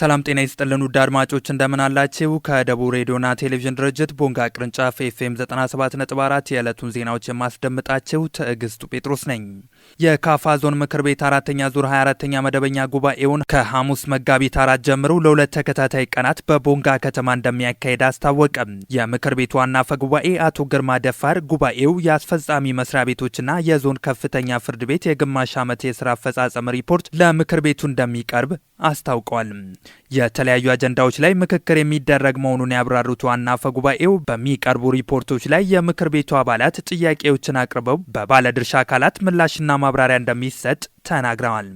ሰላም ጤና ይስጥልን ውድ አድማጮች እንደምን አላችሁ? ከደቡብ ሬዲዮና ቴሌቪዥን ድርጅት ቦንጋ ቅርንጫፍ ኤፍኤም 97.4 የዕለቱን ዜናዎች የማስደምጣችሁ ትዕግስቱ ጴጥሮስ ነኝ። የካፋ ዞን ምክር ቤት አራተኛ ዙር 24ተኛ መደበኛ ጉባኤውን ከሐሙስ መጋቢት አራት ጀምሮ ለሁለት ተከታታይ ቀናት በቦንጋ ከተማ እንደሚያካሄድ አስታወቀም። የምክር ቤቱ ዋና አፈ ጉባኤ አቶ ግርማ ደፋር ጉባኤው የአስፈጻሚ መስሪያ ቤቶችና የዞን ከፍተኛ ፍርድ ቤት የግማሽ ዓመት የስራ አፈጻጸም ሪፖርት ለምክር ቤቱ እንደሚቀርብ አስታውቋል። የተለያዩ አጀንዳዎች ላይ ምክክር የሚደረግ መሆኑን ያብራሩት ዋና አፈ ጉባኤው በሚቀርቡ ሪፖርቶች ላይ የምክር ቤቱ አባላት ጥያቄዎችን አቅርበው በባለድርሻ አካላት ምላሽና ጥልቅና ማብራሪያ እንደሚሰጥ ተናግረዋል።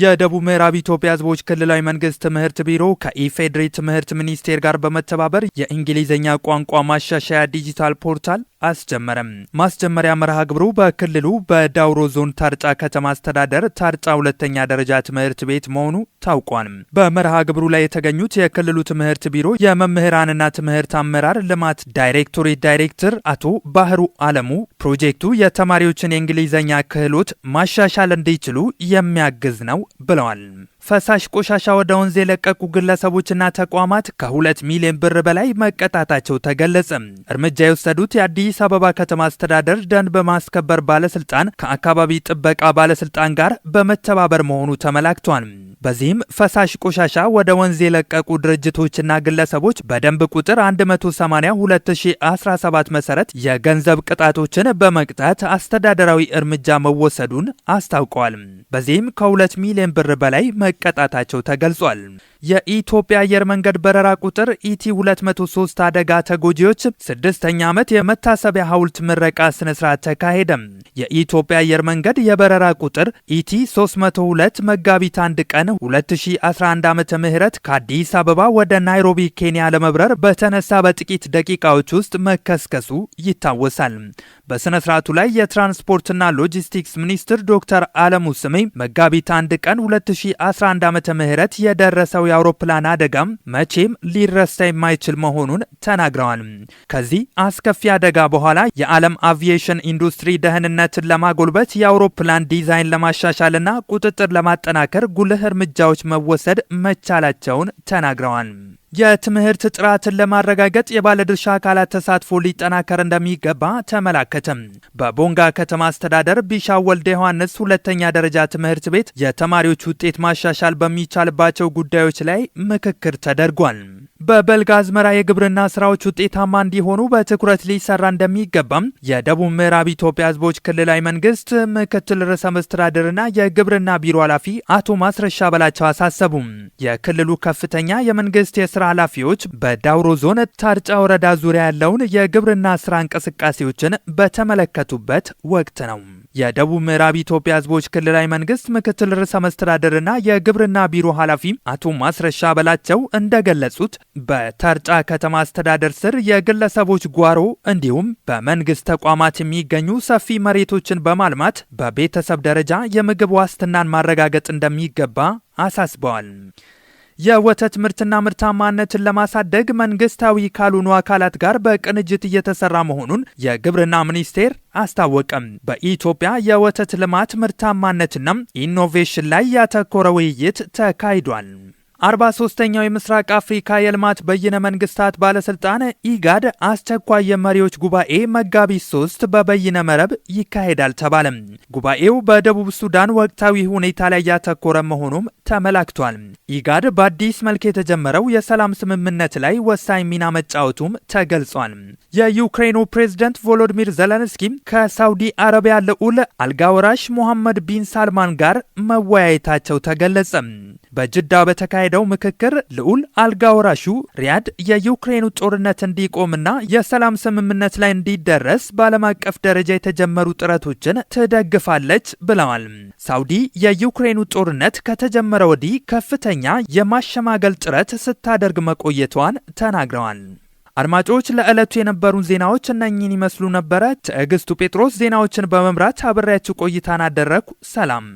የደቡብ ምዕራብ ኢትዮጵያ ህዝቦች ክልላዊ መንግስት ትምህርት ቢሮ ከኢፌዴሪ ትምህርት ሚኒስቴር ጋር በመተባበር የእንግሊዝኛ ቋንቋ ማሻሻያ ዲጂታል ፖርታል አስጀመረም። ማስጀመሪያ መርሃ ግብሩ በክልሉ በዳውሮ ዞን ታርጫ ከተማ አስተዳደር ታርጫ ሁለተኛ ደረጃ ትምህርት ቤት መሆኑ ታውቋል። በመርሃ ግብሩ ላይ የተገኙት የክልሉ ትምህርት ቢሮ የመምህራንና ትምህርት አመራር ልማት ዳይሬክቶሬት ዳይሬክተር አቶ ባህሩ አለሙ ፕሮጀክቱ የተማሪዎችን የእንግሊዝኛ ክህሎት ማሻሻል እንዲችሉ የሚያግዝ ነው ብለዋል። ፈሳሽ ቆሻሻ ወደ ወንዝ የለቀቁ ግለሰቦችና ተቋማት ከሁለት ሚሊዮን ብር በላይ መቀጣታቸው ተገለጸ። እርምጃ የወሰዱት የአዲስ አበባ ከተማ አስተዳደር ደን በማስከበር ባለስልጣን ከአካባቢ ጥበቃ ባለስልጣን ጋር በመተባበር መሆኑ ተመላክቷል። በዚህም ፈሳሽ ቆሻሻ ወደ ወንዝ የለቀቁ ድርጅቶችና ግለሰቦች በደንብ ቁጥር 182/2017 መሰረት የገንዘብ ቅጣቶችን በመቅጣት አስተዳደራዊ እርምጃ መወሰዱን አስታውቀዋል። በዚህም ከ2 ሚሊዮን ብር በላይ መቀጣታቸው ተገልጿል። የኢትዮጵያ አየር መንገድ በረራ ቁጥር ኢቲ 203 አደጋ ተጎጂዎች ስድስተኛ ዓመት የመታሰቢያ ሐውልት ምረቃ ስነስርዓት ተካሄደም። የኢትዮጵያ አየር መንገድ የበረራ ቁጥር ኢቲ 302 መጋቢት አንድ ቀን 2011 ዓ.ም ከአዲስ አበባ ወደ ናይሮቢ ኬንያ ለመብረር በተነሳ በጥቂት ደቂቃዎች ውስጥ መከስከሱ ይታወሳል። በሥነ ሥርዓቱ ላይ የትራንስፖርትና ሎጂስቲክስ ሚኒስትር ዶክተር አለሙ ስሜ መጋቢት አንድ ቀን 2011 ዓመተ ምህረት የደረሰው የአውሮፕላን አደጋም መቼም ሊረሳ የማይችል መሆኑን ተናግረዋል። ከዚህ አስከፊ አደጋ በኋላ የዓለም አቪዬሽን ኢንዱስትሪ ደህንነትን ለማጎልበት የአውሮፕላን ዲዛይን ለማሻሻልና ቁጥጥር ለማጠናከር ጉልህ እርምጃዎች መወሰድ መቻላቸውን ተናግረዋል። የትምህርት ጥራትን ለማረጋገጥ የባለድርሻ አካላት ተሳትፎ ሊጠናከር እንደሚገባ ተመላከተም። በቦንጋ ከተማ አስተዳደር ቢሻ ወልደ ዮሐንስ ሁለተኛ ደረጃ ትምህርት ቤት የተማሪዎች ውጤት ማሻሻል በሚቻልባቸው ጉዳዮች ላይ ምክክር ተደርጓል። በበልግ አዝመራ የግብርና ስራዎች ውጤታማ እንዲሆኑ በትኩረት ሊሰራ እንደሚገባም የደቡብ ምዕራብ ኢትዮጵያ ህዝቦች ክልላዊ መንግስት ምክትል ርዕሰ መስተዳድርና የግብርና ቢሮ ኃላፊ አቶ ማስረሻ በላቸው አሳሰቡም። የክልሉ ከፍተኛ የመንግስት የስራ ስራ ኃላፊዎች በዳውሮ ዞን ታርጫ ወረዳ ዙሪያ ያለውን የግብርና ስራ እንቅስቃሴዎችን በተመለከቱበት ወቅት ነው። የደቡብ ምዕራብ ኢትዮጵያ ህዝቦች ክልላዊ መንግስት ምክትል ርዕሰ መስተዳደርና የግብርና ቢሮ ኃላፊ አቶ ማስረሻ በላቸው እንደገለጹት በታርጫ ከተማ አስተዳደር ስር የግለሰቦች ጓሮ እንዲሁም በመንግስት ተቋማት የሚገኙ ሰፊ መሬቶችን በማልማት በቤተሰብ ደረጃ የምግብ ዋስትናን ማረጋገጥ እንደሚገባ አሳስበዋል። የወተት ምርትና ምርታማነትን ለማሳደግ መንግስታዊ ካልሆኑ አካላት ጋር በቅንጅት እየተሰራ መሆኑን የግብርና ሚኒስቴር አስታወቀም። በኢትዮጵያ የወተት ልማት ምርታማነትና ኢኖቬሽን ላይ ያተኮረ ውይይት ተካሂዷል። አርባ ሶስተኛው የምስራቅ አፍሪካ የልማት በይነ መንግስታት ባለስልጣን ኢጋድ አስቸኳይ የመሪዎች ጉባኤ መጋቢት ሶስት በበይነ መረብ ይካሄዳል ተባለም። ጉባኤው በደቡብ ሱዳን ወቅታዊ ሁኔታ ላይ ያተኮረ መሆኑም ተመላክቷል። ኢጋድ በአዲስ መልክ የተጀመረው የሰላም ስምምነት ላይ ወሳኝ ሚና መጫወቱም ተገልጿል። የዩክሬኑ ፕሬዝደንት ቮሎዲሚር ዘለንስኪ ከሳውዲ አረቢያ ልዑል አልጋወራሽ ሞሐመድ ቢን ሳልማን ጋር መወያየታቸው ተገለጸ። በጅዳ በተካሄደ በተካሄደው ምክክር ልዑል አልጋ ወራሹ ሪያድ የዩክሬኑ ጦርነት እንዲቆምና የሰላም ስምምነት ላይ እንዲደረስ በዓለም አቀፍ ደረጃ የተጀመሩ ጥረቶችን ትደግፋለች ብለዋል። ሳውዲ የዩክሬኑ ጦርነት ከተጀመረ ወዲህ ከፍተኛ የማሸማገል ጥረት ስታደርግ መቆየቷን ተናግረዋል። አድማጮች ለዕለቱ የነበሩን ዜናዎች እነኝን ይመስሉ ነበረ። ትዕግስቱ ጴጥሮስ ዜናዎችን በመምራት አብሬያችሁ ቆይታን አደረግኩ። ሰላም